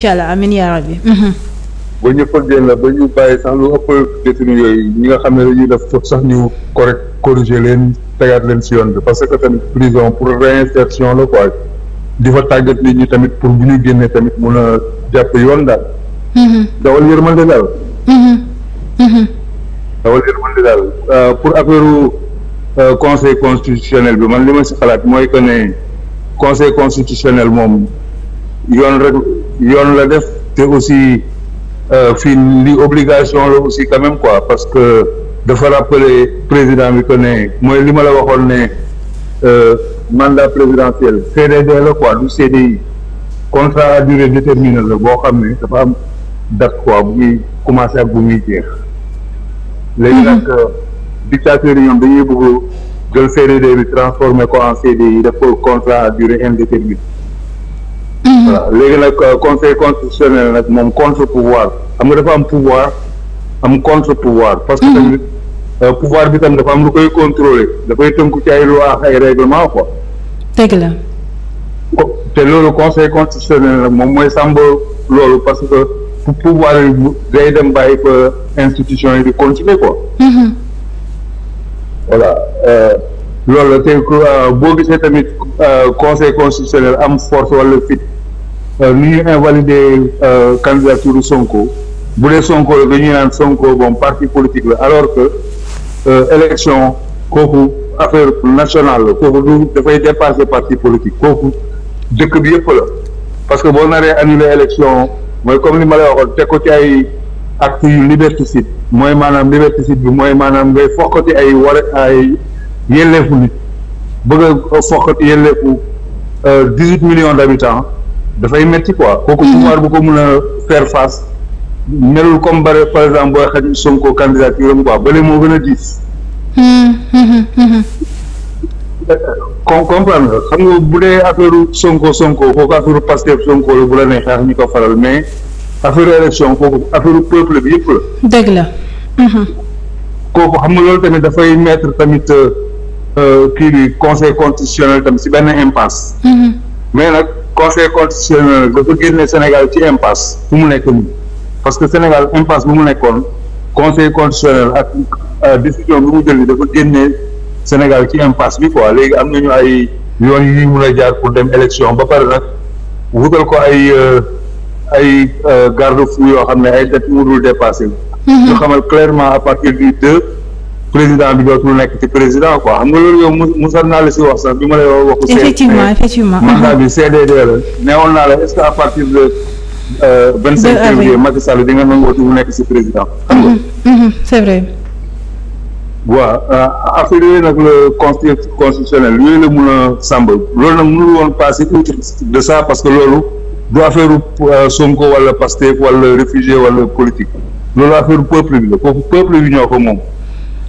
incha allah amiin yaa rabbi. Mhm. ba ñu fëggee la ba ñu bàyyi sax lu ëpp détenu yooyu ñi nga xam ne dañuy def foofu sax ñu correct corriger leen tegaat leen si yoon bi parce que tamit prison pour réinsertion la quoi di fa tàggat nit ñi tamit pour bu ñu génnee tamit mun a jàpp yoon daal. Mhm. dawal yërmande daal. Mhm. dawal euh, pour affaire euh, conseil constitutionnel bi man li ma si xalaat mooy que ne conseil constitutionnel moom yoon rek. yoon la def te aussi euh, fii li obligation la aussi quand même quoi parce que dafa rappeler président bi que ne mooy li ma la waxoon ne euh, mandat présidentiel CDD la quoi du CDI contrat à durée déterminée la boo xam ne dafa am date quoi bu muy commencé ak bu muy jeex léegi mm-hmm. nag euh, dictateur yi ñoom dañuy bëgg jël CDD bi transformé ko en CDI def ko contrat à durée indéterminée léegi nag euh, conseil constitutionnel nag moom contre pouvoir am nga dafa am pouvoir am contre pouvoir. parce que mm-hmm. euh, pouvoir bi tam dafa am lu koy contrôler dafay tënku ci ay loi ak ay règlement quoi. dëgg la. te loolu conseil constitutionnel nag moom mooy sàmb loolu parce que pour pouvoir yi day dem bàyyi fa institution yi di continuer quoi. Mm-hmm. voilà. Euh, loolu la tey euh, boo gisee tamit euh, conseil constitutionnel am force wala fit euh, nu ñu invalider candidature Sonko bu dee Sonko la dañuy naan Sonko bon parti politique la alors que élection kooku affaire national la kooku du dafay dépasser parti politique kooku dëkk bi yëpp la parce que boo naree annuler élection mooy comme ni ma lay waxoon teg ko ci ay actes yu liberticide mooy maanaam liberticide bi mooy maanaam ngay fokkati ay war ay yelleefu nit bëgg a foqat yelleefu euh, dix huit millions d' habitants dafay metti quoi kooku mm-hmm. pouvoir bu ko mën a faire face melul comme bare par exemple booy xaj Sonko candidature am quoi bële moo gën a diis mm-hmm. com comprendre xam nga bu dee affaire Sonko Sonko kooku affaire Pastef Sonko la bu la neexee ak ñi ko faral mais affaire élection kooku affaire peuple bi yëpp la dëgg la mm-hmm. kooku xam nga loolu tamit dafay mettre tamit euh, Euh, kii bi conseil constitutionnel tam si benn impasse. Mm-hmm. mais nag conseil constitutionnel dafa génne Sénégal ci impasse fu mu nekk nii parce que Sénégal impasse bu mu nekkoon conseil constitutionnel ak euh, décision bi mu jël dafa génne Sénégal ci impasse bi quoi léegi am nañu ay yoon yi mun a jaar pour dem élection ba pare nag wutal ko ay euh, ay garde fou yoo xam ne ay date mu dul dépassé. Mm-hmm. ñu xamal clairement à partir du deux. président bi dootul nekk ci président quoi xam nga loolu yow musal naa la si wax sax bi ma lay waxu effectivement effectivement mandat bi uh-huh. CDD la neewoon naa la est-ce que à partir de euh, vingt cinq février Macky Sall di nga nangootu mu nekk si président xam nga uh-huh, uh-huh. c'est vrai waaw euh, affaire yooyu nag le conseil constitutionnel yooyu la mun a loolu nag mënul woon outre de ça parce que loolu du affaire euh, Sonko wala Pastef wala réfugié wala politique loolu affaire peuple bi la foofu ko moom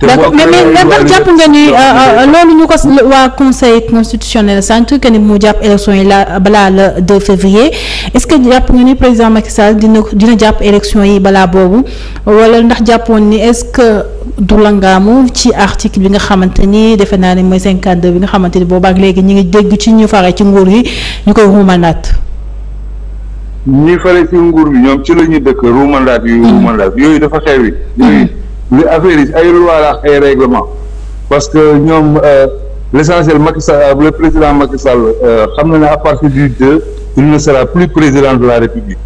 d'accord mais mais ndax jàpp nga ni euh, euh, loolu ñu ko waa conseil constitutionnel sant que ni mu jàpp élection yi la balaa le 2 février est-ce que jàpp nga ni président Macky Sall dina dina jàpp élection yi balaa boobu wala ndax jàppoon ni est-ce que du langaamu ci article bi nga xamante ni defe naa ne mooy 52 bi nga xamante ni boobaak léegi ñu ngi dégg ci ñu faree ci nguur yi ñu koy ruumanaat. ñi faree ci nguur bi ñoom ci la ñuy dëkk ruumanaat yu ruumanaat yooyu dafa xewi. li affaire yi ay loi ay règlement parce que ñoom euh, l' essentiel Macky Sall euh, le président Macky Sall euh, xam na ne à partir du deux il ne sera plus président de la République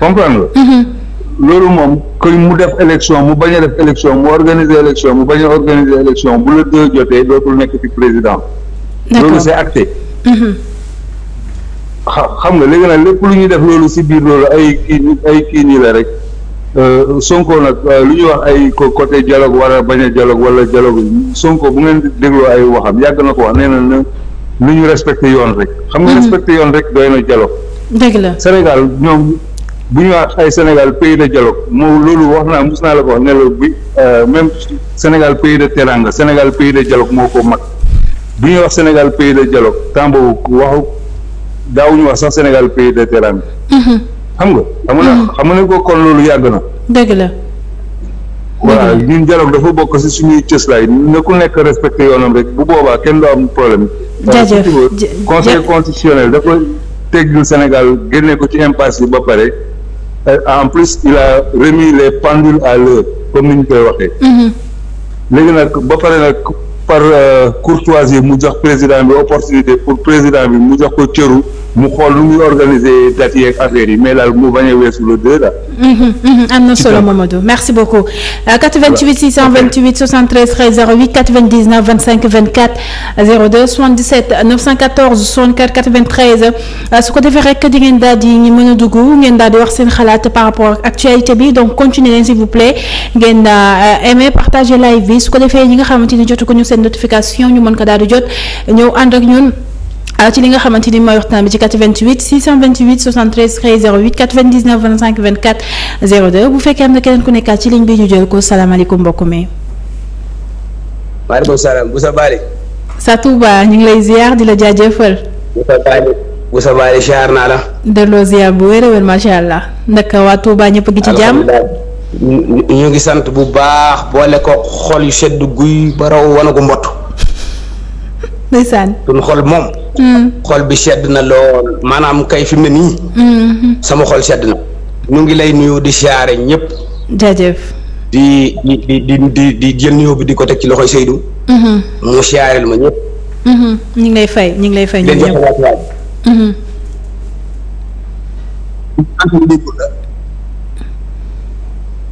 comprendre nga mm-hmm. loolu moom que mu def élection mu bañ a def élection mu organiser élection mu bañ a organiser élection bu la deux jotee dootul nekk ci président loolu c' est acté mm-hmm. xam nga léegi nag lépp lu ñuy def loolu si biir loolu ay kii ay kii nii la rek Euh, Sonko nag euh, lu ñuy wax ay côté dialogue wala bañ a dialogue wala dialogue Sonko bu ngeen dégloo ay waxam yàgg na ko wax nee na na lu ñu respecté yoon rek. xam nga mhm. respecté yoon rek dooy na dialogue. dëgg la Sénégal ñoom bu ñu wax ay Sénégal pays de dialogue moom loolu wax naa mos la ko wax ne la euh, même Sénégal pays de teranga Sénégal pays de dialogue moo ko mag bu ñuy wax Sénégal pays de dialogue temps boobu waxu daawuñu wax sax Sénégal pays de teranga. Mhm. xam nga. xam nga mm. xam nga ko kon loolu yàgg na. dëgg la. waa ñun dialogue dafa bokk si suñuy cëslaay na ku nekk respecté yoonam rek bu boobaa kenn du am problème. jaajëf conseil constitutionnel dafa teggil Sénégal génne ko ci impasse yi ba pare euh, en plus il a remis les pendules à l'heure comme koy waxee. Mm-hmm. léegi nag ba pare nag par euh, courtoisie mu jox président bi opportunité pour président bi mu jox ko cëru. mu xool nu muy organiser date yeeg affaire yi mais mu bañ a weesu le deux la. Mm-hmm, mm-hmm, am na solo Mamadou merci beaucoup. Euh, voilà 88 628 73 13 08 99 25 24 02 77 914 64 93 su ko defee rek di ngeen daal di mën a dugg ngeen daal di wax seen xalaat par rapport ak actualité bi donc continuez leen vous plaît ngeen euh, ñi nga xamante ni jotu ko ñu seen notification ñu mën ko daal di jot ñëw ci li nga xamante ni mooy waxtaan bi ci 88 628 73 08 99 25 24 02 bu fekkee am na keneen ku nekkaat ci ligne bi ñu jël ko salaamaaleykum mbokk mi. maaleykum salaam Boussa Bali. sa Touba ñu ngi lay ziar di la jaajëfal. Boussa Bali Boussa Bali ziar naa la. delloo ziar bu wér a wér macha allah ndaka waa Touba ñëpp gi ci jàmm. ñu ngi sant bu baax boole ko xol yu sedd guy ba raw wana ko mbott ndeysaan suñu xol moom xol bi sedd na lool maanaam kay fi ne nii. Mm-hmm. sama xol sedd na mu ngi lay nuyu di siyaare ñëpp. jaajëf. di di di di di jël nuyoo di ko teg ci loxoy Seydou. Mm-hmm. mu siyaareel ma ñëpp. Mm-hmm. ñu ngi lay fay ñu ngi lay fay ñun ñëpp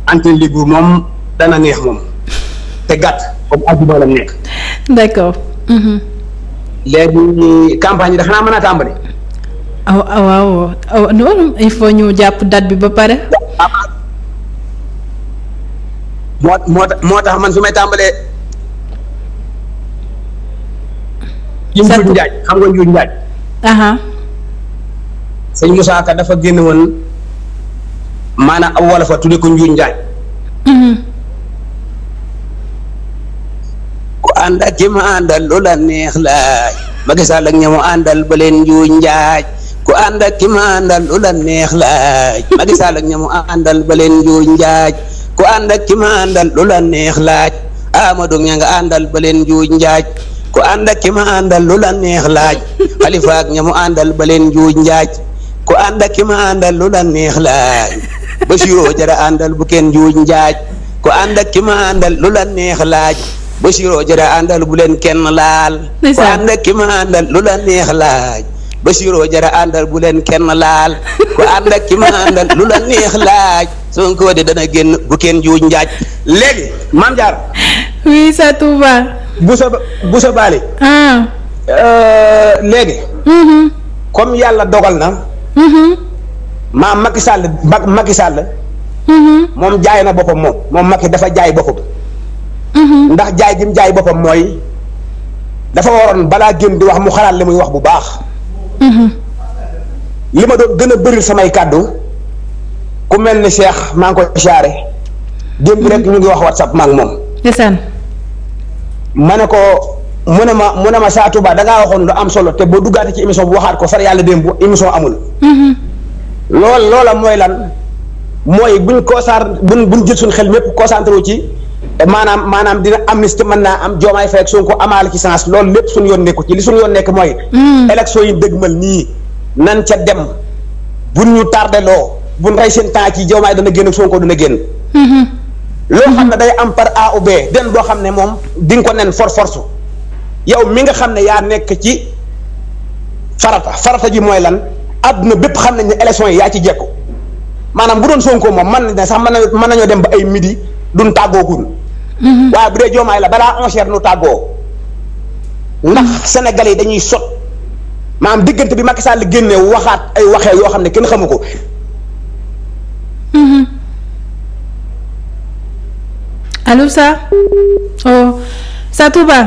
antenne libre moom dana neex moom te gàtt comme àjjuma la nekk d'accord. léegi campagne yi dafa naa mën a tàmbali. aw waaw aw non il faut ñu jàpp dat bi ba pare. Ah. moo moo tax man su may tàmbalee. sant njuuj njaaj xam nga njuuj njaaj. sëñ Moussa Ka dafa génn woon maanaa aw wolof a tuddee ko njuuj njaaj. ànd ak ki ma àndal lu la neex laay àndal ba leen njuuj njaaj ku ànd ak ki ma àndal la neex laaj Macky Sall ak ki ma àndal lu la laaj Amadou ña àndal ba leen njuuj njaaj ku ànd ak ki ma àndal neex laaj Khalifa ak àndal ba leen njuuj njaaj ku ànd ak ki ma bu kenn njuuj njaaj ku ànd ak ki ma àndal neex laaj Bachirou jërë àndal bu leen kenn laal. ku ànd ma àndal lu la neex laaj. Bachirou jërë àndal bu leen kenn laal. ku ànd ak ki ma àndal lu la neex laaj. Sonko de dana génn bu kenn juuj njaaj. léegi Mame Diarra. oui sa Touba. bu sa bu baali. Ah. Euh, léegi. Mm-hmm. comme yàlla dogal na. Mm-hmm. maam Macky Sall Macky Sall. Mm-hmm. moom jaay na boppam moom moom Macky dafa jaay boppam. Mm-hmm. ndax jaay gi mu jaay boppam mooy dafa waroon balaa génn di wax mu xalaat li muy wax bu baax mm-hmm. li ma doon gën a bëril samay kàddu ku mel ni Cheikh maa ngi koy siyaare démb mm-hmm. rek ñu ngi wax whatsapp maa ngi moom ma ne ko mu ne ma mu ne ma saa Touba dangaa waxoon lu am solo te boo duggaate ci émission bu waxaat ko far yàlla démb émission amul lool loola mooy lan mooy buñ kosaar buñ buñ jël suñ xel mépp concentré ci maanaam maanaam dina am amnistie mën naa am Diomaye Faye ak Sonko amaale ci sens loolu lépp suñu yoon nekku ci li suñu yoon nekk mooy. Hmm. élection yi dëgmal nii nan ca dem buñ ñu tardeloo buñ rey seen temps ci Diomaye dana génn ak Sonko dana génn. Hmm. loo hmm. day am par A ou den boo xam ne moom di nga ko yow mi nga xam ne yaa nekk ci farata farata ji mooy lan àdduna bépp xam nañ ne élection yi yaa ci jekku maanaam bu doon Sonko moom man na sax mën nañoo dem ba ay midi. duñ tàggoogul. Mhm. waaye bu dee joomaay la balaa enchère nu tàggoo. ndax sénégalais yi dañuy sot maanaam diggante bi Macky Sall génne waxaat ay waxee yoo xam ne kenn xamu ko. Mhm. allo ça oh ça Touba.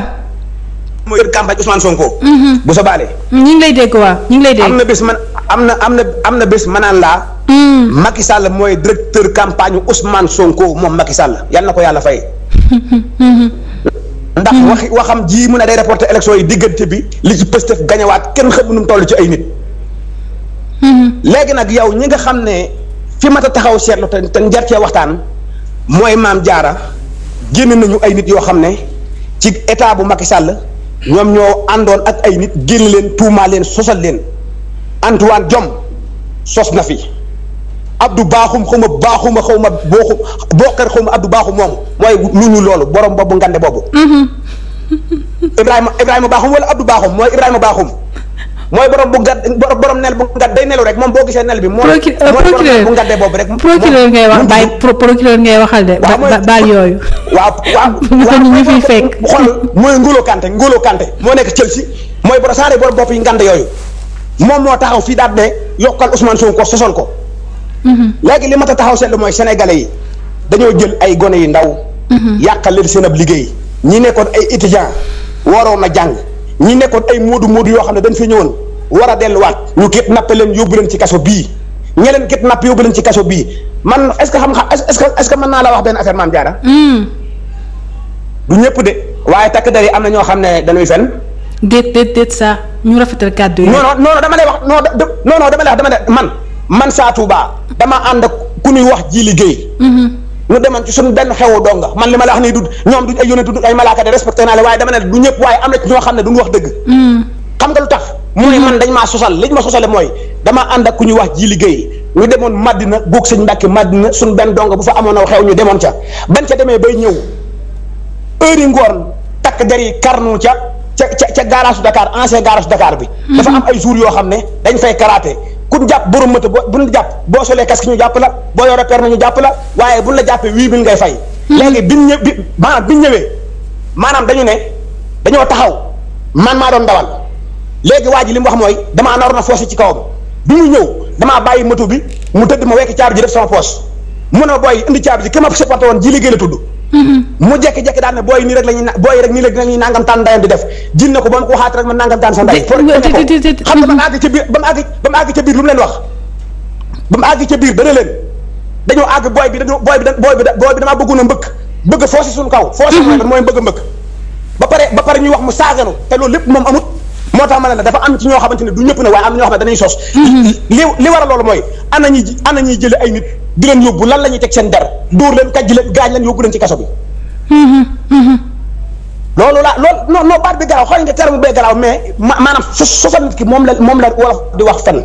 mooy kër campagne Sonko. Mhm. bu sa baalee. ñu lay dégg waa ñu ngi lay dégg. am na bés man am na am na am na bés manaan laa. Hmm. Macky Sall mooy directeur campagne Ousmane Sonko moom Macky Sall yal na ko yàlla fay. Hmm. ndax hmm. wax waxam ji mu ne day reporté élection yi diggante bi li ci Pastef gañewaat kenn xamul nu mu toll ci ay nit. léegi nag yow ñi nga xam ne fi mat a taxaw seetlu te njar cee waxtaan mooy maam jaara génn nañu ay nit yoo xam ne ci état bu Macky Sall ñoom ñoo àndoon ak ay nit génn leen tuumaa leen sosal leen Antoine Diome sos na fi. Abdou Bakhoum xaw ma Bakhouma xaw ma boo bokkar xaw ma Abdou Bakhoum moomu mooy lu ñu loolu borom boobu ngande boobu. Mm-hmm. Ibrahima Ibrahima Bakhoum wala Abdou Bakhoum mooy Ibrahima Bakhoum mooy borom bu gad borom nel bu gad day nelu rek moom boo gisee nel bi. mooy procureur bu ngadde boobu rek. procureur ngay wax bàyyi procureur ngay waxal de. baal yooyu. waaw waaw waaw ñu fiy fekk. xool mooy Ngolo moo nekk Chelsea mooy borom saa borom bopp yi ngande yooyu moom moo taxaw fii daal ne yokkal Ousmane ko sosoon ko. léegi li ma ta taxaw seetlu mooy sénégalais yi dañoo jël ay gone yu ndaw. yàqal leen seen ab liggéey. ñi nekkoon ay étudiants waroon na jàng ñi nekkoon ay moodu moodu yoo xam ne dañ fi ñëwoon war a delluwaat. ñu kit nappe leen yóbbu leen ci kaso bii ñe leen napp yóbbu leen ci kaso bii man est-ce que xam nga est-ce que est-ce que mën naa la wax benn hmm. ñëpp de waaye takk der am na ñoo xam ne dañuy fen déet déet déet saa ñu rafetal kàddu yi. non non dama lay wax non non dama lay wax dama lay man man saa Touba. dama ànd ak ku ñuy wax ji liggéey. Mm-hmm. ñu demoon ci suñ benn xewu donga man li ma la wax nii du ñoom duñ ay yónnetu duñ ay malaaka de respecté naa la waaye dama ne du ñëpp waaye am na ci ñoo xam ne duñ wax dëgg. Mm-hmm. xam nga lu tax. mooy man dañ maa sosal liñ ma sosale mooy dama ànd ak ku ñuy wax ji liggéey ñu demoon Madina góog sëñ Mbàkke Madina suñ benn donga bu fa amoon aw xew ñu demoon ca ban ca demee bay ñëw heure ngoon takk der yi karnu ca ca ca garage Dakar ancien garage Dakar bi. Mm-hmm. dafa am ay jours yoo xam ne dañ fay karaté ku jàpp borom moto boo bu ñu jàpp boo solee casque ñu jàpp la boo yoree permis ñu jàpp la waaye bu ñu la jàppee huit mille ngay fay. Hmm. léegi bi ñu ñëw bi maanaam ñëwee maanaam dañu ne dañoo taxaw man maa doon dawal léegi waa ji li mu wax mooy damaa naroon na foosé ci kawam bi mu ñëw damaa bàyyi moto bi mu tëdd ma wekk caabi ji def sama poche mu ne ma booy indi caabi ji ki ma sepante woon ji liggéey la tudd. mu jékki-jékki daan ne booy nii rek la ñuy na booy rek nii rek dinañuy nangam taan ndayam di def jin na ko ba mu ko waxaat rek ma nangam taan sa nday xam nga ba mu àgg ca biir ba mu àgg ba mu àgg ca biir lu mu leen wax ba mu àgg ca biir dana leen dañoo àgg booy bi dañoo booy bi booy bi booy bi damaa bëggoon a mbëkk bëgg foosi suñu kaw foosi mhm. mooy mbëkk ba pare ba pare ñuy wax mu saaganu te loolu lépp moom amut moo tax ma ne la dafa am ci ñoo xamante ne du ñëpp nag waaye am ñoo xam ne danañ sos mhm. li li war a loolu mooy ana ñuy ana ñuy jële ay nit di leen yóbbu lan la ñuy teg seen der dóor leen kàjj leen gaañ leen yóbbu leen ci kaso bi mhm. Mhm. loolu la loolu non non baat bi garaaw xool nga terme bee garaaw mais maanaam sosal nit ki moom la moom la wolof di wax fen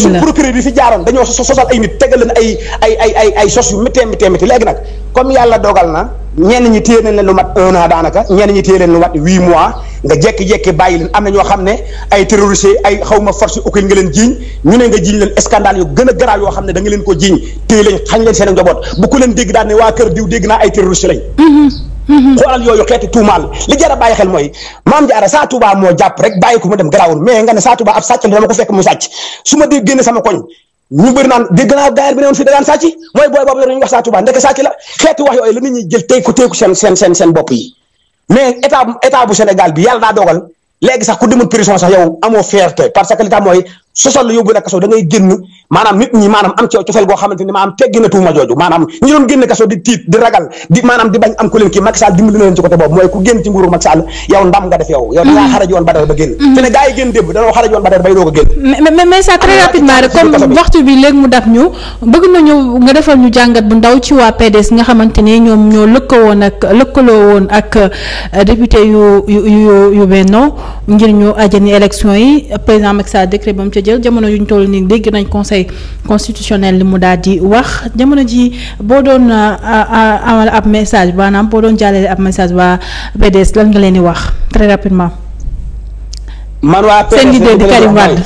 su procureur yi fi jaaroon dañoo sosal ay nit tegal leen ay ay ay ay ay sos yu méttee méttee métti léegi nag comme yàlla dogal na ñenn ñi téye nañ leen lu mat un an daanaka ñenn ñi téye leen lu mat huit mois nga jékki-jékki bàyyi leen am na ñoo xam ne ay terroriste ay xaw ma force occulte nga leen jiiñ ñu ne nga jiiñ leen scandale yu gën a garaaw yoo xam ne da nga leen ko jiiñ téye leen xañ leen seen njaboot bu ku leen dégg daal ne waa kër diw dégg naa ay terroriste lañ. Mm-hmm. Mm-hmm. xoolal yooyu xeeti tuumaal li jar a bàyyi xel mooy maam jaara saa baa moo jàpp rek bàyyi ko mu dem garaawul mais nga ne saa Touba ab sàcc dama ko fekk mu sàcc su ñu bëri naan dégg naa daayir bi ne woon fii da daan mooy booy boobu yor ñu wax saa Tuubaa ndeke sàcc la xeetu wax yooyu la nit ñi jël tey ko tey seen seen seen seen bopp yi mais état état bu Sénégal bi yàlla daa dogal léegi sax ku demul prison sax yow amoo fierté parce que li tax mooy sosal la yóbbu la kaso da ngay génn maanaam nit ñi maanaam am ci cofeel goo xamante ni maanaam teggi na tuuma jooju maanaam ñi doon génn kaso di tiit di ragal di maanaam di bañ am ku leen kii Macky Sall dimbali mm-hmm. ba mm-hmm. a génn mais ça très ah, rapidement rek comme waxtu bi léegi mu dab ñu bëgg nañu nga defal euh, yi président Macky Sall jël jamono yuñ toll nii dégg nañ conseil constitutionnel li mu daal di wax jamono ji boo doon amal ab message maanaam boo doon jàllale ab message waa PDS lan leen di wax très rapidement.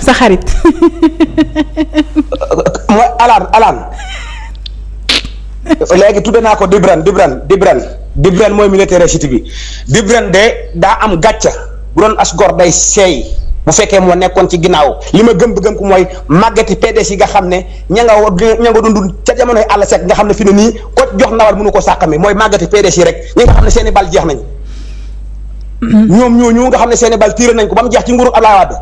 sa xarit. mooy alaan alaan léegi tudde naa ko Dibran Dibran Dibran Dibran mooy militaire cité de daa am gàcca bu doon as gor day seey. bu fekkee moo nekkoon ci ginnaaw li ma gëm gëm ko mooy màggati PDS yi nga xam ne ña nga ña nga dund ca jamonoy àll sec nga xam ne fi ne nii ko jox nawar mënu ko sàqami mooy màggati PDS yi rek ñi nga xam ne seen bal jeex nañ ñoom ñooñu nga xam ne seen i bal tiire nañ ko ba mu jeex ci nguuru Abdoulaye Wade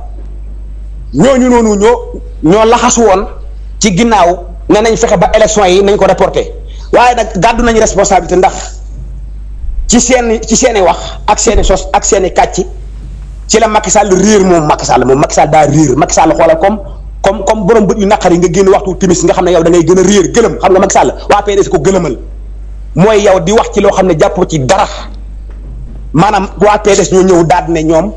ñooñu noonu ñoo ñoo laxasu woon ci ginnaaw ne nañ fexe ba élection yi nañ ko reporté waaye nag gàddu nañ responsabilité ndax ci seen ci seen i wax ak seen sos ak seen i kàcc ci la Macky Sall réer moom Macky Sall moom Macky Sall daa réer Macky Sall xoolal comme comme comme borom bët yu naqar yi nga génn waxtu timis nga xam ne yow da ngay a réer gëlëm xam nga Macky Sall waa PDS ko mooy yow di wax ci loo xam ne jàppoo ci dara maanaam waa PDS ñoo ñëw daal ne ñoom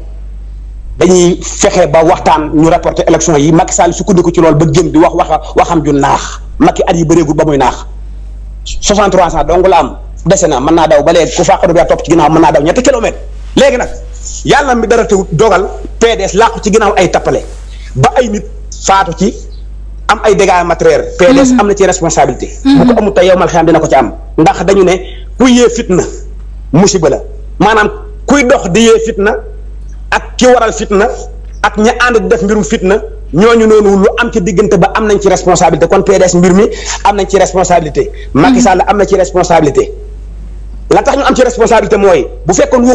dañuy fexe ba waxtaan ñu rapporter élection yi Macky Sall sukkandiku ci loolu ba génn di wax wax waxam ju naax Macky at yi bëreegul ba muy naax 63 ans donc la am dese na mën naa daw ba léegi ku fàqadu bi topp ci ginnaaw mën naa daw ñetti kilomètres léegi nag yàlla mi dara teewut dogal PDS làqu ci ginnaaw ay tappale ba ay nit faatu ci am ay dégâts matériels. PDS mm-hmm. am na ci responsabilité. Mm-hmm. bu ko amul tey yow mal dina ko ci am. ndax dañu ne kuy yee fitna musiba la maanaam kuy dox di yee fitna ak ki waral fitna ak ña ànd di def mbirum fitna ñooñu noonu lu am ci diggante ba am nañ ci responsabilité kon PDS mbir mi am nañ ci responsabilité. Macky mm-hmm. Sall am na ci responsabilité. la tax ñu am ci responsabilité mooy bu fekkoon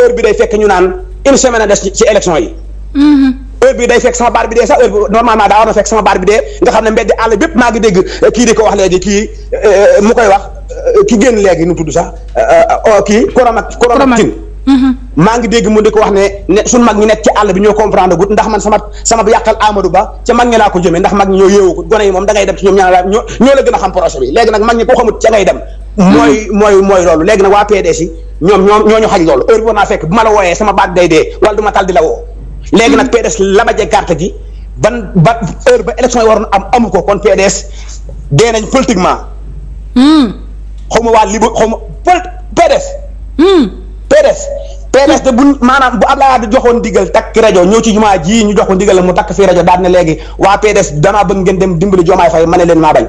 heure bi day fekk ñu naan une semaine a des ci élection yi. Mm-hmm. heure bi day fekk sama baar bi dee sax heure bi normalement daa war na fekk sama baar bi dee nga xam ne mbedd àll bépp maa ngi dégg eh, kii di ko wax eh, koy wax eh, ki génn léegi nu tudd sax oh, kii koroma koromatin mm-hmm. maa ngi dégg mu di ko wax ne ne àll bi ñoo comprendre gut ndax man sama sama yàqal Amadou Ba ca mag ñi laa ko jëmee ndax mag ñi ñoo yeewu ko gone yi moom da ngay dem ci ñoom ñaar laa ñoo ñoo la gën a xam projet bi léegi nag mag ñi ko xamut ca dem mm-hmm. mooy mooy mooy loolu léegi nag waa PDS yi ñoom ñoo ñoo ñu xaj loolu heure boo naa fekk bu ma la wooyee sama baat day dee wala du ma tal di la woo. léegi nag PDS la ba je carte gi ban ba heure ba élection yi waroon am amu ko kon PDS dee nañ politiquement. Hmm. xaw ma waa li xaw ma poli PDS. Hmm. PDS. PDS de bu maanaam bu Abdoulaye Wade joxoon ndigal takk rajo ñëw ci jumaa ji ñu jox ko ndigal mu takk fii rajo daal ne léegi waa PDS danaa bëgg ngeen dem dimbali Diomaye fay ma ne leen maa bañ.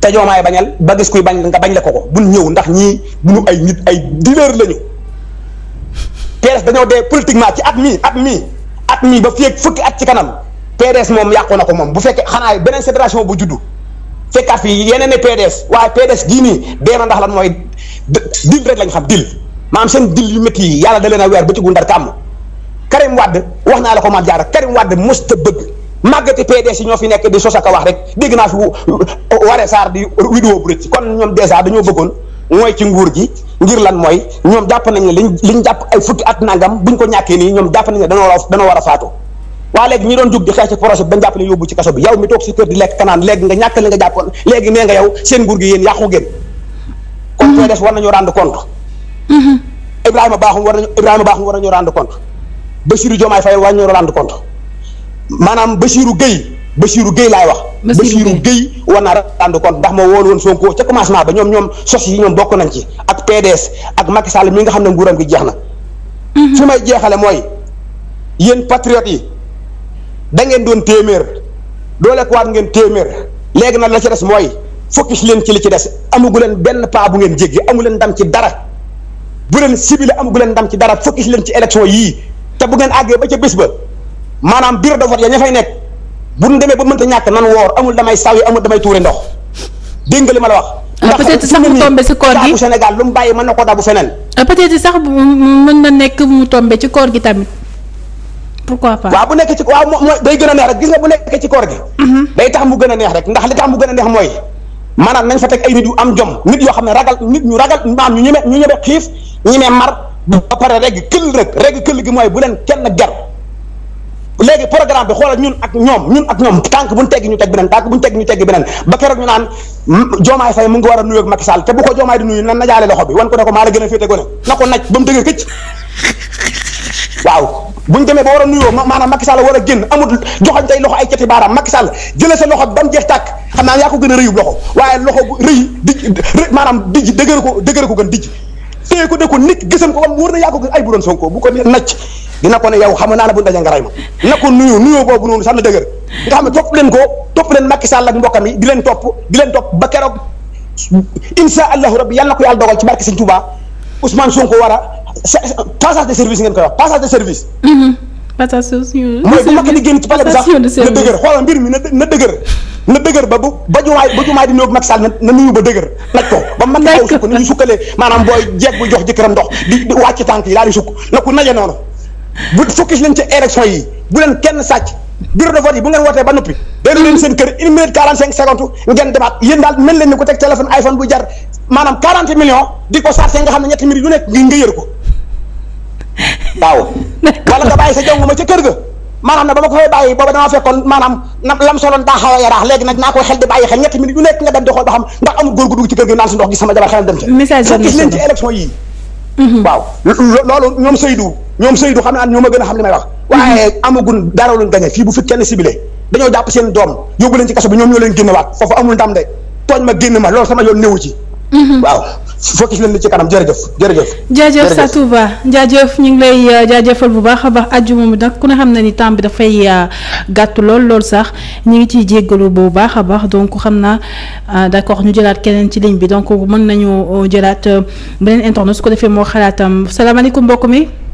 te joomaay bañal ba gis kuy bañ nga bañ la ko ko bul ñëw ndax ñii duñu ay nit ay dealer lañu PDS dañoo dee politiquement ci at mii at mii at mii ba fii fukki at ci kanam PDS moom yàqu na ko moom bu fekkee xanaa beneen fédération bu juddu fekkaat fii yeneen ne PDS waaye PDS gii nii dee ndax la mooy dil rek lañ xam dil maanaam seen dil yu métti yi yàlla da leen a weer ba ci gundar kàmm Karim Wade wax naa la ko maam jaar Karim Wade mos màggati PDS si ñoo fi nekk di sos ak a wax rek dégg naa fi Waré Sarr di vidéo bu rëcc kon ñoom dèjà dañoo bëggoon mooy ci nguur gi ngir lan mooy ñoom jàpp nañ ne liñ liñ jàpp ay fukki at nangam buñ ko ñàkkee nii ñoom jàpp nañ ne danoo war a danoo a faatu waa léegi ñi doon jug di xeex ci projet bi bañ jàpp ne yóbbu ci kaso bi yow mi toog si kër di lekk kanaan léegi nga ñàkk li nga jàppoon léegi nee nga yow seen nguur gi yéen yàqu ngeen kon PDS war mm-hmm. war nañu Ibrahima Bakhoum war nañoo rendre compte Bassirou Diomaye Faye war nañoo maanaam Bachirou Gueye Bachirou géey laay wax. Bachirou Gueye war naa rendre compte ndax moo woolu woon Sonko ca commencement ba ñoom ñoom sos yi ñoom bokk nañ ci ak PDS ak Macky Sall mi nga xam ne nguuram gi jeex na. Mhm. fi may jeexale mooy yéen patriotes yi da ngeen doon téeméer dooleeku waat ngeen téeméer léegi nag la ci des mooy si leen ci li ci des amagu leen benn pas bu ngeen jéggi amu leen ndam ci dara bu leen sibile amagu leen ndam ci dara focus leen ci élection yii te bu ngeen àggee ba ca bés maanaam bureau de vote ya ña fay nekk bu ñu demee ba mënta ñàkk nan woor amul damay sawi amul damay tuure ndox dégg nga li ma la wax. Ah, peut-être sax mu tombé ci koor gi Sénégal lu mu bàyyi mën na ko dabu feneen. Ah, peut-être sax mën na nekk mu tombé ci koor gi tamit pourquoi pas. waaw bu nekk ci waaw mooy day gën a neex rek gis nga bu nekk ci koor gi. Mm-hmm. day tax mu gën a neex rek ndax li tax mu gën a neex mooy maanaam nañ fa teg ay nit yu am jom nit yoo xam ne ragal nit ñu ragal maam ñu ñeme ñu ñeme xiif ñeme mar ba pare rek këll rek rek këll gi mooy bu leen kenn ger léegi programme bi xoolal ñun ak ñoom ñun ak ñoom tànk bu ñu tegg ñu teg beneen tànk bu ñu tegg ñu tegg beneen ba keroog ñu naan Diomaye Faye mu ngi war a nuyu ak Macky Sall te a féete bu ñu demee ba war a nuyoo maanaam Macky war a génn amul joxañ tey loxo ay cati baaraam Macky Sall sa loxo ba mu jeex tàkk xam naa yaa ko gën a rëyub loxo waaye loxo rëy di maanaam dijj dëgër ko dëgër ko gën dijj téye ko de ko nit gisam ko wam wër na yaa ko gën ay bu doon Sonko bu ko nacc dina ko ne yow xam naa la bu ñu ma na ko nuyu nuyu boobu noonu sax na dëgër nga xam ne topp leen ko topp leen Macky Sall ak mbokkam yi di leen topp di leen topp ba keroog insha allahu rabbi yàlla na ko yàlla dogal ci barke Sëñ Touba Ousmane a passage de service ngeen koy wax passage de service. Mhm. passation de service mooy bu Macky di génn ci na dëgër xoolal dëgër. na dëgër ba bu ba jumaay ba jumaay di nuyoog Macky na nuyu ba dëgër laaj ko ba Macky maanaam booy jeeg bu jox jëkkëram ndox di wàcc tànk yi daal di sukk na ko naje noonu bu focus leen ci élection yi bu leen kenn sàcc bureau de vote yi bu ngeen wootee ba noppi dellu leen seen kër une minute quarante cinq secondes ngeen demaat yéen daal mel leen ni ku teg téléphone iPhone bu jar maanaam quarante millions di ko chargé nga xam ne ñetti minutes yu nekk ngi nga yër ko waaw wala nga bàyyi sa jongu ma ca kër ga maanaam ne ba ma ko fay bàyyi booba damaa fekkoon maanaam lam soloon daa xaw a yaraax léegi nag naa ko xel di bàyyi xel ñetti ñoom Seydou xam naa ñoo ma gën a xam li may wax waaye amagun dara luñ gañe fii bu fi kenn ciblé dañoo jàpp seen doom yóbbu leen ci kaso bi ñoom ñoo leen génnewaat foofu amul ndam de ma génn ma loolu sama yoon néewu ci mhm. waaw focus leen ci kanam jërëjëf jërëjëf jaajëf Satou Ba jaajëf ñu ngi lay euh, jaajëfal bu baax a baax ajjuma bi nag ku ne xam na ni temps bi dafay euh, gàtt lool lool sax ñu ngi ciy jéggalu bu baax a baax donc xam naa euh, d'accord ñu jëlaat keneen ci ligne bi donc mën nañu jëlaat beneen internet su ko defee moo xalaatam salaamaaleykum mbokk mi